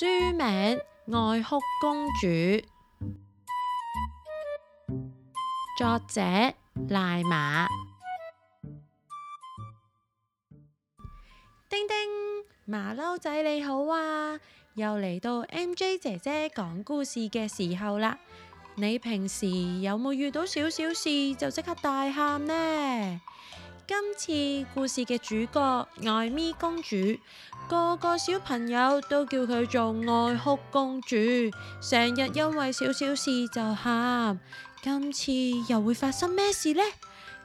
書名《愛哭公主》，作者賴馬。叮叮馬騮仔你好啊，又嚟到 MJ 姐姐講故事嘅時候啦。你平時有冇遇到少少事就即刻大喊呢？今次故事嘅主角艾咪公主，個個小朋友都叫佢做愛哭公主。成日因為少少事就喊，今次又會發生咩事呢？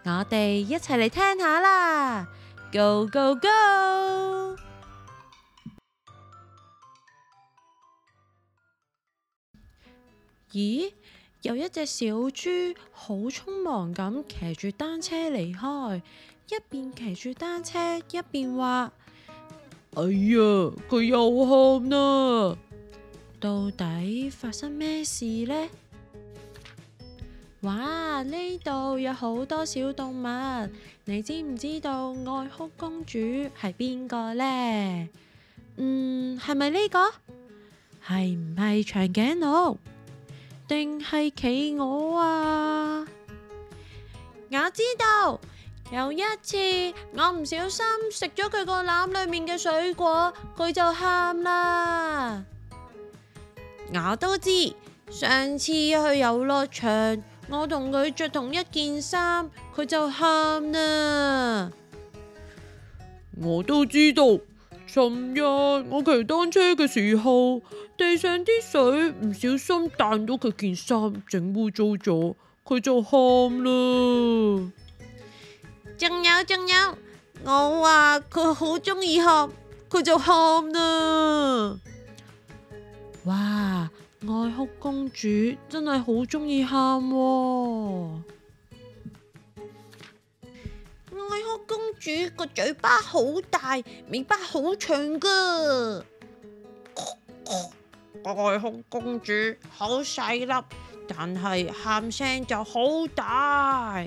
我哋一齊嚟聽下啦！Go go go！咦？有一隻小豬好匆忙咁騎住單車離開。一邊騎住單車，一邊話：哎呀，佢又喊啦！到底發生咩事呢？哇！呢度有好多小動物，你知唔知道愛哭公主係邊個呢？嗯，係咪呢個？係唔係長頸鹿？定係企鵝啊？我知道。有一次，我唔小心食咗佢個籃裏面嘅水果，佢就喊啦。我都知，上次去遊樂場，我同佢着同一件衫，佢就喊啦。我都知道，尋日我騎單車嘅時候，地上啲水唔小心彈到佢件衫，整污糟咗，佢就喊啦。仲有仲有，我話佢好中意喊，佢就喊啦。哇，愛哭公主真係好中意喊喎，愛哭公主個嘴巴好大，尾巴好長噶。愛哭公主好細粒，但係喊聲就好大。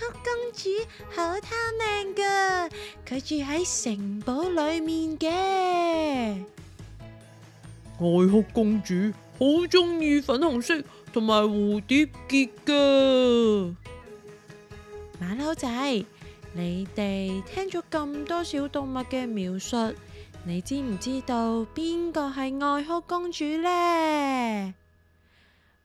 哭公主好貪靚噶，佢住喺城堡裏面嘅。愛哭公主好鍾意粉紅色同埋蝴蝶結噶。馬騮仔，你哋聽咗咁多小動物嘅描述，你知唔知道邊個係愛哭公主呢？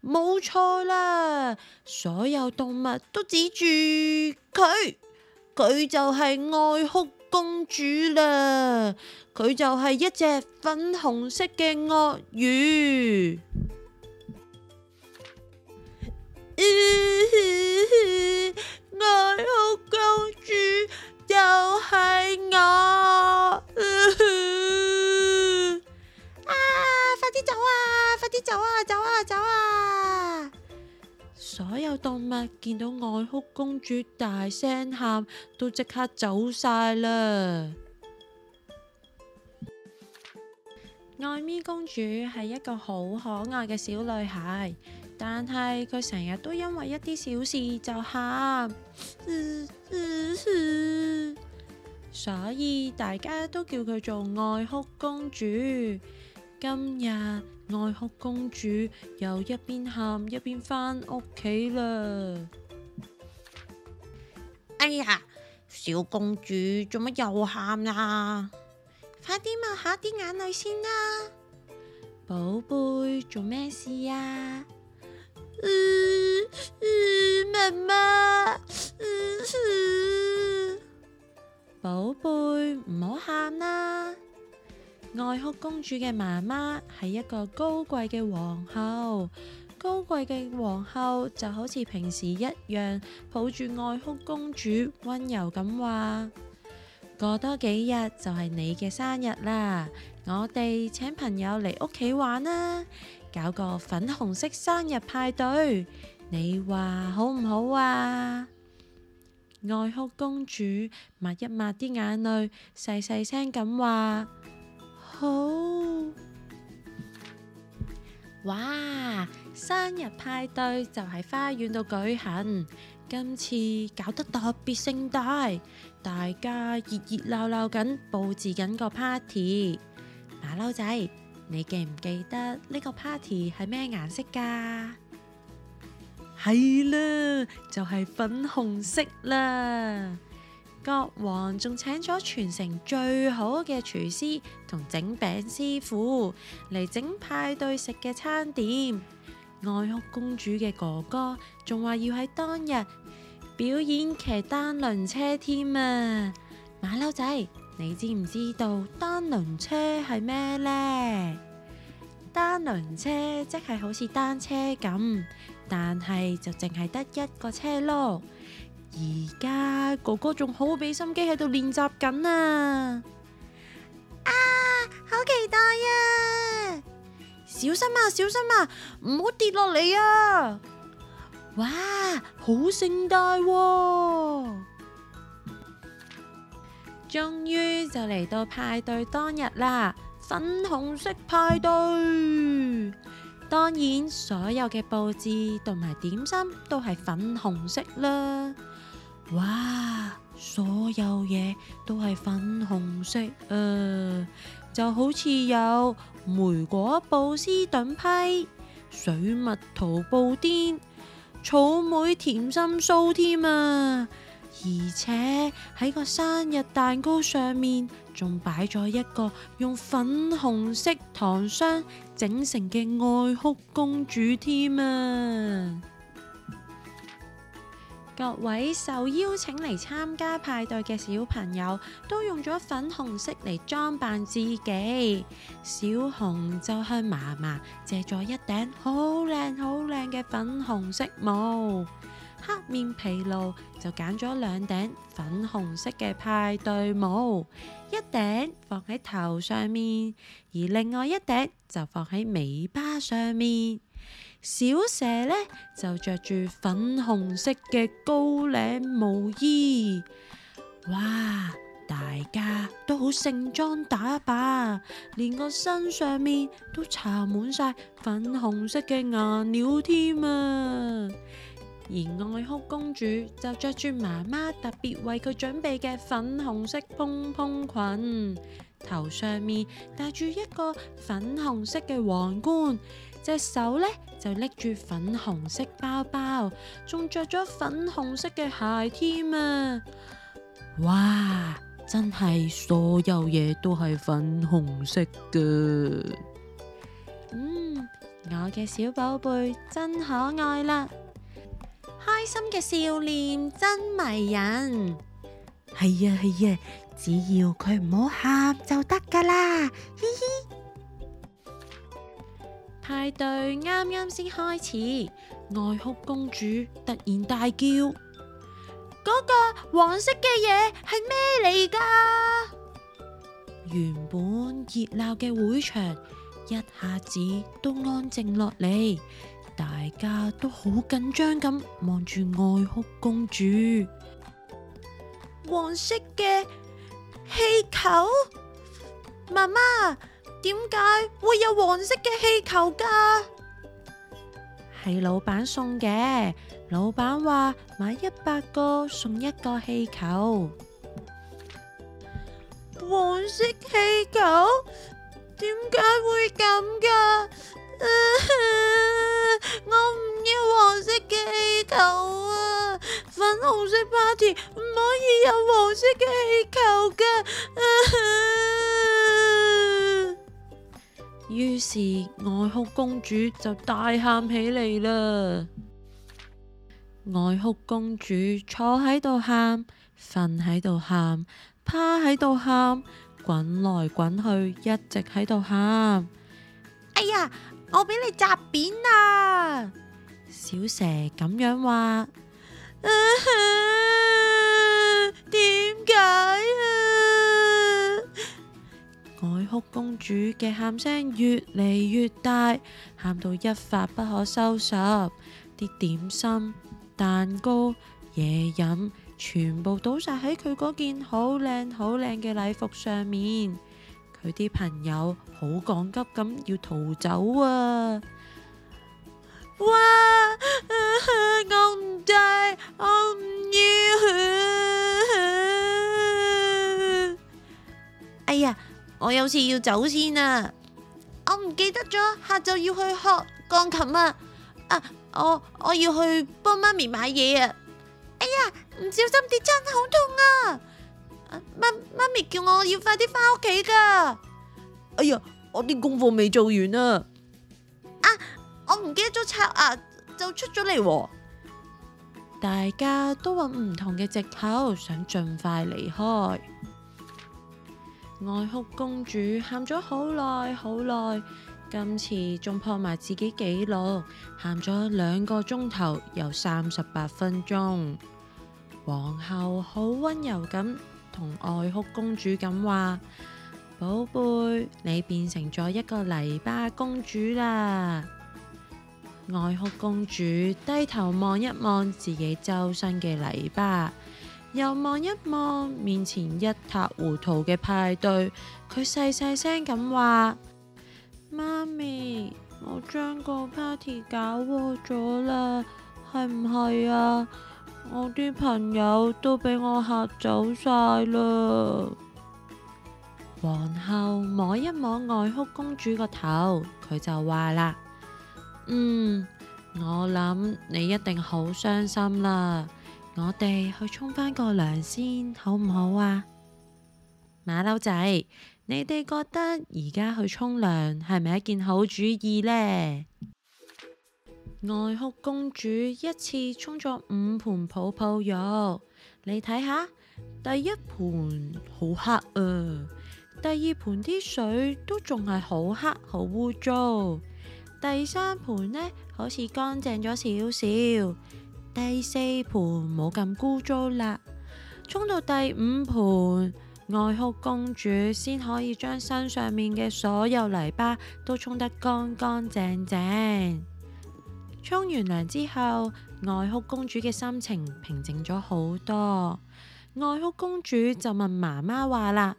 冇錯啦，所有動物都指住佢，佢就係愛哭公主啦，佢就係一隻粉紅色嘅鱷魚，呃。愛哭公主就係我、呃、啊！快啲走啊！快啲走啊！走啊！走啊！所有動物見到愛哭公主大聲喊，都即刻走晒啦。愛咪公主係一個好可愛嘅小女孩，但係佢成日都因為一啲小事就喊，呃呃呃，所以大家都叫佢做愛哭公主。今日。愛哭公主又一邊喊一邊返屋企啦！哎呀，小公主做乜又喊呀？快啲抹下啲眼淚先啦！寶貝，做咩事呀，啊？嗯嗯、呃，媽、呃、媽，嗯，寶貝唔好喊啦！呃呃愛哭公主嘅媽媽係一個高貴嘅皇后，高貴嘅皇后就好似平時一樣抱住愛哭公主，温柔咁話：過多幾日就係你嘅生日啦，我哋請朋友嚟屋企玩啦，搞個粉紅色生日派對，你話好唔好啊？愛哭公主抹一抹啲眼淚，細細聲咁話。好！哇，生日派對就喺花園度舉行，今次搞得特別盛大，大家熱熱鬧鬧咁布置緊個 party。馬騮仔，你記唔記得呢個 party 係咩顏色㗎？係 啦，就係、是、粉紅色啦。國王仲請咗全城最好嘅廚師同整餅師傅嚟整派對食嘅餐點。愛哭公主嘅哥哥仲話要喺當日表演騎單輪車添啊！馬騮仔，你知唔知道單輪車係咩呢？單輪車即係好似單車咁，但係就淨係得一個車咯。而家哥哥仲好俾心機喺度練習緊啊！啊，好期待啊！小心啊，小心啊，唔好跌落嚟啊！哇，好盛大喎！終於就嚟到派對當日啦，粉紅色派對，當然所有嘅布置同埋點心都係粉紅色啦。哇，所有嘢都係粉紅色啊、呃！就好似有梅果布斯頓批、水蜜桃布甸、草莓甜心酥添啊！而且喺個生日蛋糕上面仲擺咗一個用粉紅色糖霜整成嘅愛哭公主添啊！各位受邀請嚟參加派對嘅小朋友，都用咗粉紅色嚟裝扮自己。小紅就向媽媽借咗一頂好靚好靚嘅粉紅色帽，黑面皮露就揀咗兩頂粉紅色嘅派對帽，一頂放喺頭上面，而另外一頂就放喺尾巴上面。小蛇呢，就着住粉紅色嘅高領毛衣，哇！大家都好盛裝打扮，連個身上面都搽滿晒粉紅色嘅顏料添啊！而愛哭公主就着住媽媽特別為佢準備嘅粉紅色蓬蓬裙，頭上面戴住一個粉紅色嘅皇冠。隻手呢，就拎住粉紅色包包，仲着咗粉紅色嘅鞋添啊！哇，真係所有嘢都係粉紅色嘅。嗯，我嘅小寶貝真可愛啦，開心嘅笑臉真迷人。係啊，係啊，只要佢唔好喊就得噶啦，嘻嘻。派對啱啱先開始，愛哭公主突然大叫：嗰個黃色嘅嘢係咩嚟㗎？原本熱鬧嘅會場一下子都安靜落嚟，大家都好緊張咁望住愛哭公主。黃色嘅氣球，媽媽。點解會有黃色嘅氣球噶？係老闆送嘅，老闆話買一百個送一個氣球。黃色氣球？點解會咁噶、啊？我唔要黃色嘅氣球啊！粉紅色 party 唔可以有黃色嘅氣球噶！啊啊於是愛哭公主就大喊起嚟啦！愛哭公主坐喺度喊，瞓喺度喊，趴喺度喊，滾來滾去，一直喺度喊。哎呀，我俾你扎扁啦！小蛇咁樣話，點解啊？啊愛哭公主嘅喊聲越嚟越大，喊到一發不可收拾，啲點心、蛋糕、嘢飲全部倒晒喺佢嗰件好靚好靚嘅禮服上面。佢啲朋友好趕急咁要逃走啊！哇，我唔制，我唔要，哎呀！我有事要走先啊！我唔記得咗下晝要去學鋼琴啊！啊，我我要去幫媽咪買嘢啊！哎呀，唔小心跌親，好痛啊！媽、啊、媽咪叫我要快啲翻屋企噶！哎呀，我啲功課未做完啊！啊，我唔記得咗刷牙就出咗嚟。大家都揾唔同嘅借口，想盡快離開。愛哭公主喊咗好耐好耐，今次仲破埋自己紀錄，喊咗兩個鐘頭又三十八分鐘。皇后好溫柔咁同愛哭公主咁話：「寶貝，你變成咗一個泥巴公主啦！」愛哭公主低頭望一望自己周身嘅泥巴。又望一望面前一塌糊塗嘅派對，佢細細聲咁話：媽咪，我將個 party 搞禍咗啦，係唔係啊？我啲朋友都俾我嚇走晒啦。皇后摸一摸愛哭公主個頭，佢就話啦：嗯，我諗你一定好傷心啦。我哋去沖返個涼先，好唔好啊？馬騮仔，你哋覺得而家去沖涼係咪一件好主意呢？愛哭公主一次沖咗五盆泡泡浴，你睇下，第一盆好黑啊，第二盆啲水都仲係好黑好污糟，第三盆呢，好似乾淨咗少少。第四盤冇咁污糟啦，沖到第五盤，愛哭公主先可以將身上面嘅所有泥巴都沖得乾乾淨淨。沖完涼之後，愛哭公主嘅心情平靜咗好多。愛哭公主就問媽媽話啦：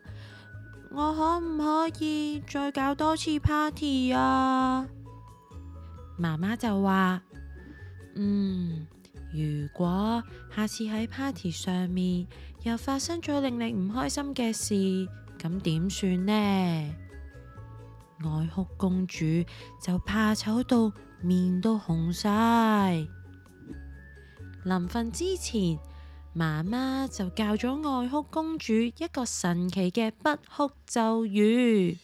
我可唔可以再搞多次 party 啊？媽媽就話：嗯。如果下次喺 party 上面又發生咗令你唔開心嘅事，咁點算呢？愛哭公主就怕醜到面都紅晒。臨瞓之前，媽媽就教咗愛哭公主一個神奇嘅不哭咒語。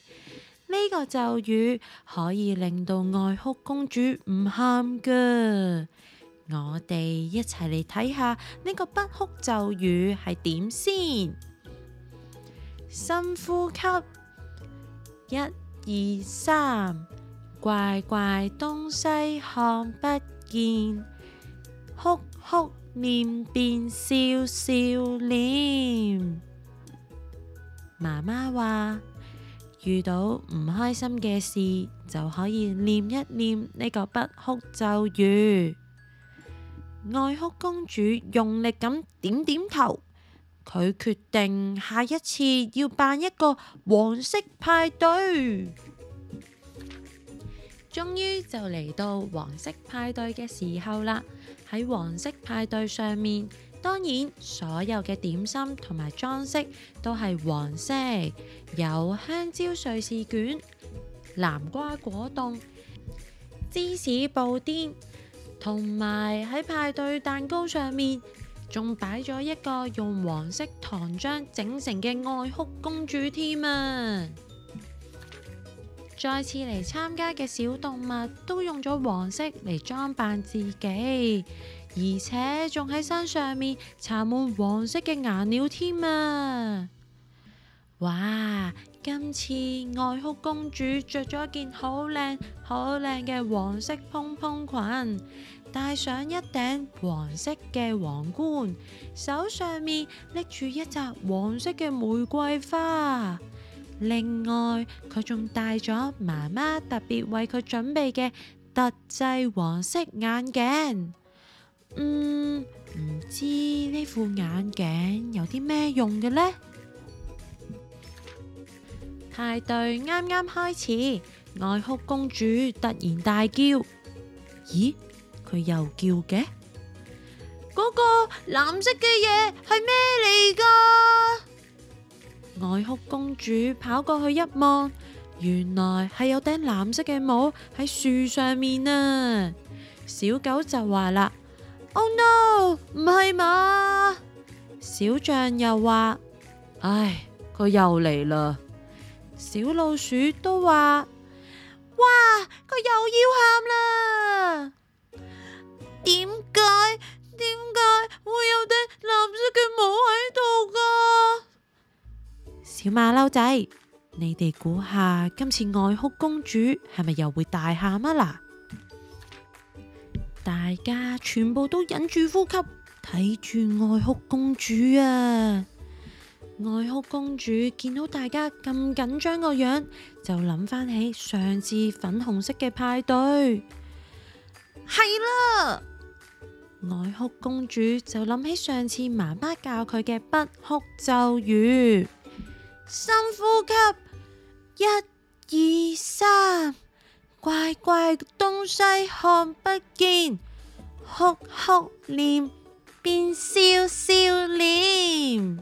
呢個咒語可以令到愛哭公主唔喊噶。我哋一齊嚟睇下呢個不哭咒語係點先。深呼吸，一二三，怪怪東西看不見，哭哭念變笑笑臉。媽媽話遇到唔開心嘅事，就可以念一念呢個不哭咒語。愛哭公主用力咁點點頭，佢決定下一次要辦一個黃色派對。終於就嚟到黃色派對嘅時候啦！喺黃色派對上面，當然所有嘅點心同埋裝飾都係黃色，有香蕉瑞士卷、南瓜果凍、芝士布丁。同埋喺派對蛋糕上面，仲擺咗一個用黃色糖漿整成嘅愛哭公主添啊！再次嚟參加嘅小動物都用咗黃色嚟裝扮自己，而且仲喺身上面搽滿黃色嘅顏料添啊！哇！今次愛哭公主着咗件好靚、好靚嘅黃色蓬蓬裙，戴上一頂黃色嘅皇冠，手上面拎住一紮黃色嘅玫瑰花。另外，佢仲戴咗媽媽特別為佢準備嘅特製黃色眼鏡。嗯，唔知呢副眼鏡有啲咩用嘅呢？派對啱啱開始，愛哭公主突然大叫：咦，佢又叫嘅嗰個藍色嘅嘢係咩嚟㗎？愛哭公主跑過去一望，原來係有頂藍色嘅帽喺樹上面啊！小狗就話啦：Oh no，唔係嘛？小象又話：唉，佢又嚟啦！小老鼠都話：哇，佢又要喊啦！點解？點解會有頂藍色嘅帽喺度噶？小馬騮仔，你哋估下，今次愛哭公主係咪又會大喊啊？嗱，大家全部都忍住呼吸，睇住愛哭公主啊！愛哭公主見到大家咁緊張個樣，就諗翻起上次粉紅色嘅派對係啦。愛哭公主就諗起上次媽媽教佢嘅不哭咒語，深呼吸，一二三，怪怪嘅東西看不見，哭哭臉變笑笑臉。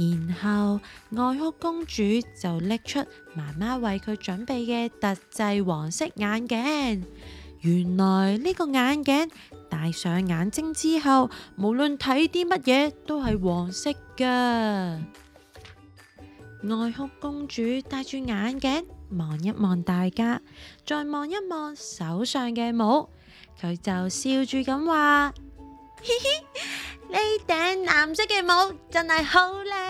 然後，愛哭公主就拎出媽媽為佢準備嘅特製黃色眼鏡。原來呢個眼鏡戴上眼睛之後，無論睇啲乜嘢都係黃色噶。愛哭公主戴住眼鏡望一望大家，再望一望手上嘅帽，佢就笑住咁話：嘻嘻，呢頂藍色嘅帽真係好靚。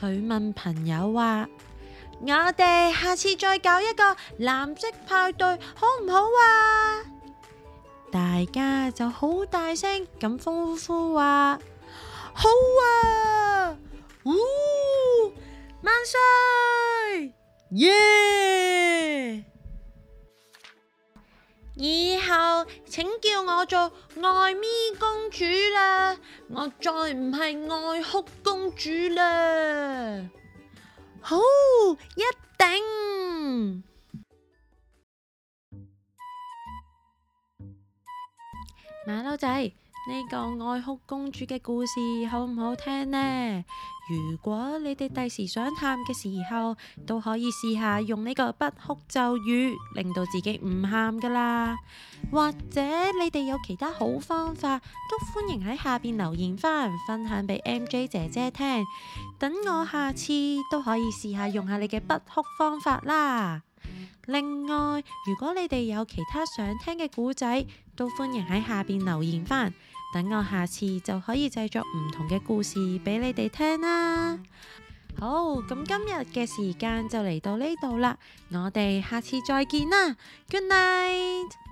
佢問朋友話：我哋下次再搞一個藍色派對，好唔好啊？大家就好大聲咁歡呼話：好啊！嗚，萬歲！耶！請叫我做愛咪公主啦，我再唔係愛哭公主啦。好，一定。 馬騮仔。呢個愛哭公主嘅故事好唔好聽呢？如果你哋第時想喊嘅時候，都可以試下用呢個不哭咒語，令到自己唔喊噶啦。或者你哋有其他好方法，都歡迎喺下邊留言返，分享俾 MJ 姐姐聽。等我下次都可以試下用下你嘅不哭方法啦。另外，如果你哋有其他想聽嘅故仔，都歡迎喺下邊留言返。等我下次就可以製作唔同嘅故事俾你哋聽啦。好，咁今日嘅時間就嚟到呢度啦。我哋下次再見啦。Good night！